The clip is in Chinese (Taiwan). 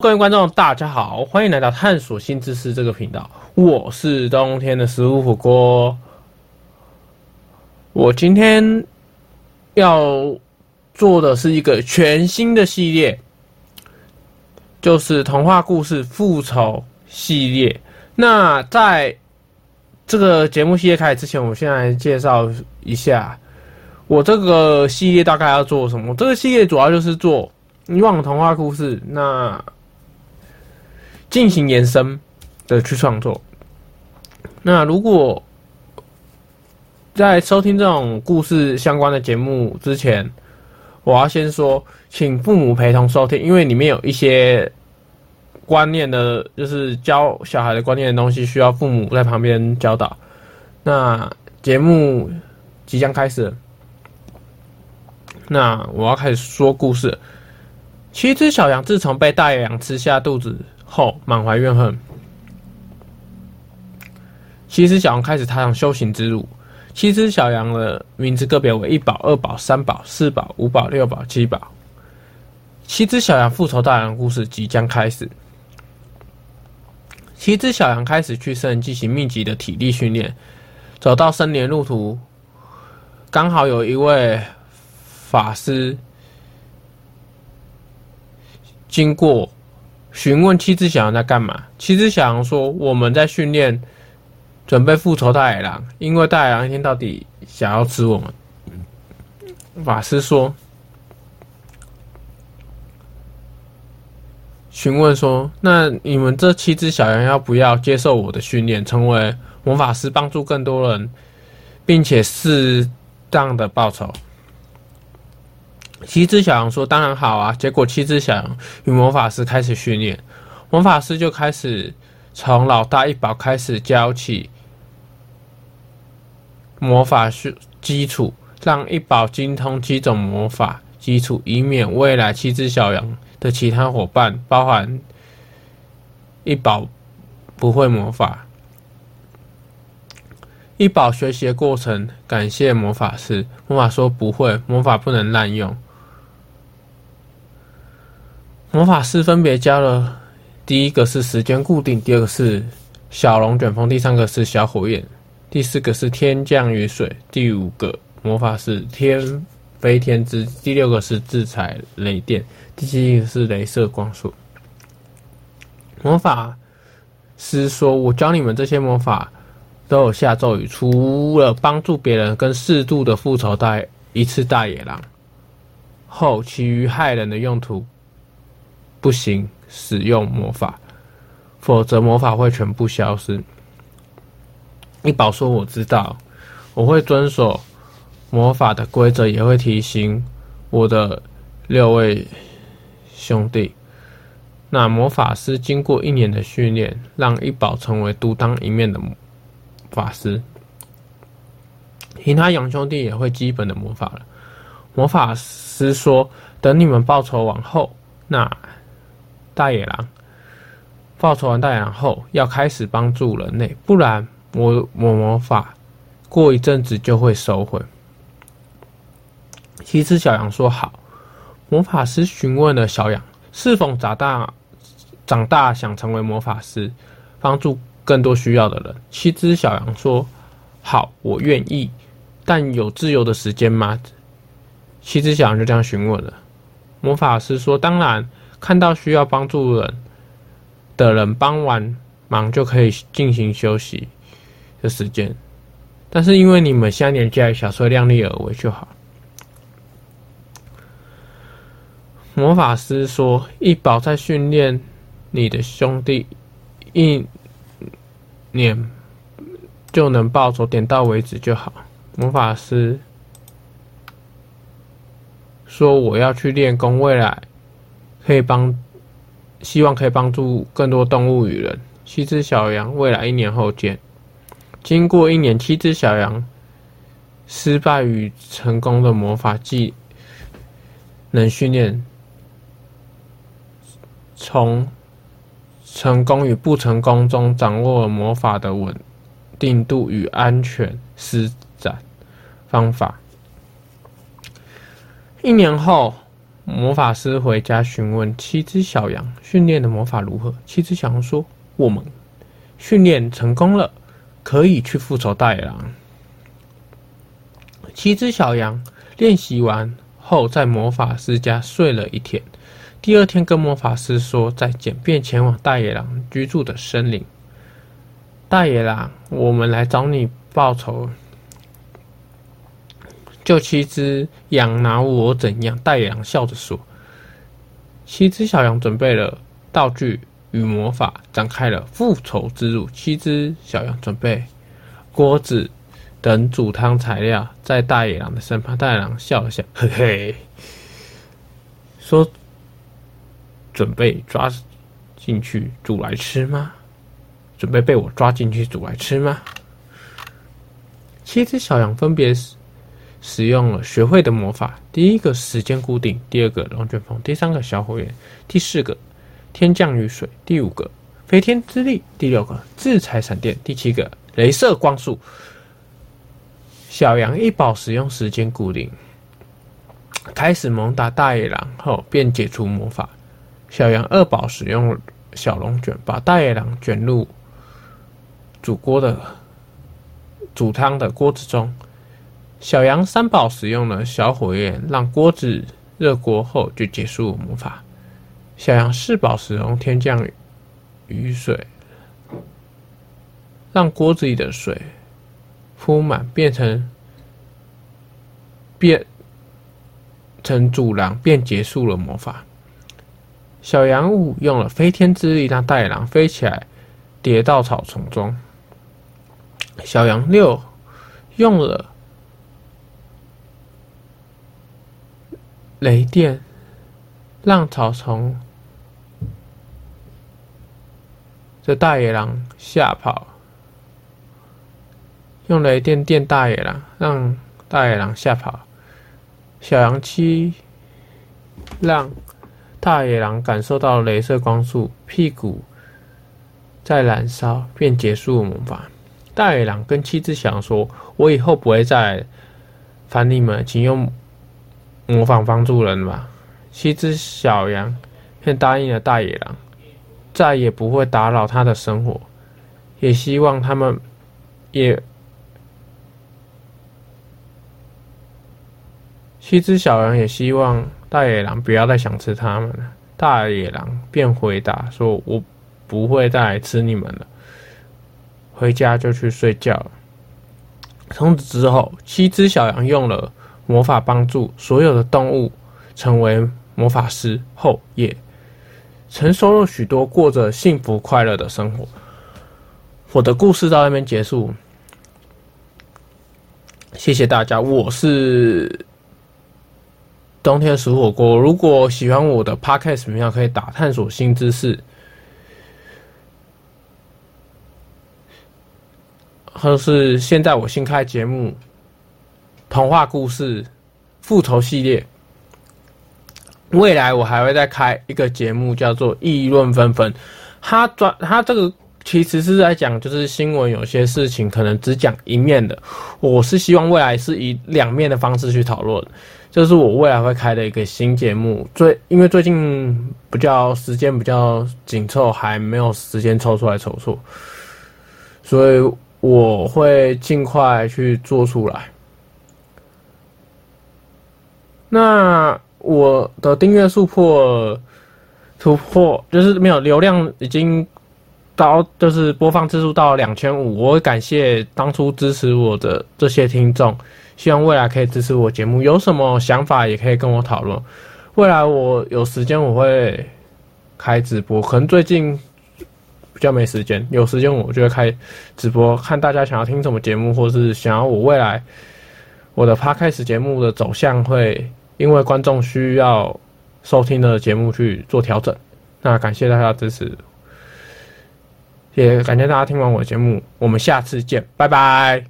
各位觀眾，大家好，歡迎來到探索新知識這個頻道。我是冬天的食物火鍋。我今天要做的是一個全新的系列，就是童話故事復仇系列。那在這個節目系列開始之前，我先來介紹一下我這個系列大概要做什麼。這個系列主要就是做以往的童話故事那。進行延伸的去創作。那如果在收聽這種故事相關的節目之前，我要先說，請父母陪同收聽，因為裡面有一些觀念的，就是教小孩的觀念的東西，需要父母在旁邊教導。那節目即將開始了，那我要開始說故事了。七只小羊自從被大野狼吃下肚子。後滿懷怨恨。七只小羊開始踏上修行之路。七只小羊的名字分別為一寶、二寶、三寶、四寶、五寶、六寶、七寶。七只小羊復仇大羊的故事即將開始。七只小羊開始去山進行密集的體力訓練，走到森林路途，剛好有一位法師經過。詢問七隻小羊在幹嘛？七隻小羊說：“我們在訓練，準備復仇大野狼，因為大野狼一天到底想要吃我們。”法師說：“詢問說，那你們這七隻小羊要不要接受我的訓練，成為魔法師，幫助更多人，並且適當的報酬？”七隻小羊說：“當然好啊！”結果七隻小羊與魔法師開始訓練，魔法師就開始從老大一寶開始教起魔法基礎，讓一寶精通幾種魔法基礎，以免未來七隻小羊的其他夥伴包含一寶不會魔法。一寶學習的過程，感謝魔法師。魔法說：“不會，魔法不能濫用。”魔法師分別教了：第一個是時間固定，第二個是小龍捲風，第三個是小火焰，第四個是天降雨水，第五個魔法是天飛天之，第六個是制裁雷電，第七個是雷射光束。魔法師說：“我教你們這些魔法都有下咒語，除了幫助別人跟適度的復仇，帶一次大野狼後，其餘害人的用途。”不行，使用魔法，否則魔法會全部消失。一寶說：“我知道，我會遵守魔法的規則，也會提醒我的六位兄弟。”那魔法師經過一年的訓練，讓一寶成為獨當一面的魔法師。其他兩兄弟也會基本的魔法了。魔法師說：“等你們報仇往後，那……”大野狼，報仇完大野狼後，要開始幫助人類，不然魔魔魔法過一陣子就會收回。七隻小羊說好。魔法師詢問了小羊，是否長大長大想成為魔法師，幫助更多需要的人。七隻小羊說好，我願意。但有自由的時間嗎？七隻小羊就這樣詢問了。魔法師說當然。看到需要幫助人的人，幫完忙就可以進行休息的時間。但是因為你們現在年紀還小，所以量力而為就好。魔法師說：“一寶在訓練你的兄弟，一年就能報仇，點到為止就好。”魔法師說：“我要去練功，未來。”可以幫，希望可以幫助更多動物與人。七隻小羊，未來一年後見。經過一年，七隻小羊失敗與成功的魔法技能訓練，從成功與不成功中掌握了魔法的穩定度與安全施展方法。一年後。魔法師回家詢問七隻小羊訓練的魔法如何。七隻小羊說：“我們訓練成功了，可以去復仇大野狼。”七隻小羊練習完後，在魔法師家睡了一天。第二天，跟魔法師說再見，便前往大野狼居住的森林。大野狼，我們來找你報仇。就七隻羊拿我怎樣？大野狼笑着說：“七只小羊準備了道具與魔法，展開了復仇之路。”七隻小羊準備鍋子等煮湯材料，在大野狼的身旁。大野狼笑了笑，嘿嘿，說：“準備抓進去煮來吃嗎？準備被我抓進去煮來吃嗎？”七隻小羊分別是。使用了學會的魔法，第一個時間固定，第二個龍捲風，第三個小火焰，第四個天降雨水，第五個飛天之力，第六個制裁閃電，第七個雷射光束。小羊一寶使用時間固定，開始猛打大野狼後便解除魔法。小羊二寶使用小龍捲，把大野狼捲入煮鍋的煮湯的鍋子中。小羊三寶使用了小火焰，讓鍋子熱鍋後就結束了魔法。小羊四寶使用天降雨，雨水讓鍋子裡的水鋪滿，變成變成主狼，便結束了魔法。小羊五用了飛天之力，讓大野狼飛起來，跌到草叢中。小羊六用了。雷電，讓草叢，這大野狼嚇跑。用雷電電大野狼，讓大野狼嚇跑。小羊妻，讓大野狼感受到雷射光束，屁股在燃燒，便結束魔法。大野狼跟七隻小羊說：“我以後不會再煩你們，請用。”模仿幫助人吧。七隻小羊便答應了大野狼，再也不會打擾他的生活。也希望他們也七隻小羊也希望大野狼不要再想吃他們了。大野狼便回答說：“我不會再來吃你們了。”回家就去睡覺了。從此之後，七隻小羊用了。魔法幫助所有的動物成為魔法師後，也曾收入許多，過着幸福快樂的生活。我的故事到這邊結束，謝謝大家。我是冬天食火鍋。如果喜歡我的 Podcast，怎麼樣可以打探索新知識？或是現在我新開節目。童話故事復仇系列，未來我還會再開一個節目，叫做《議論紛紛》。他轉，他這個其實是在講，就是新聞有些事情可能只講一面的。我是希望未來是以兩面的方式去討論，這，就是我未來會開的一個新節目。最因為最近比較時間比較緊湊，還沒有時間抽出來籌措，所以我會盡快去做出來。那我的訂閱數破突破，就是沒有流量已經到，就是播放次數到兩千五。我感謝當初支持我的這些聽眾，希望未來可以支持我節目。有什麼想法也可以跟我討論。未來我有時間我會開直播，可能最近比較沒時間，有時間我就會開直播，看大家想要聽什麼節目，或是想要我未來我的 Podcast 節目的走向會。因為觀眾需要收聽的節目去做調整，那感謝大家的支持，也感謝大家聽完我的節目，我們下次見，拜拜。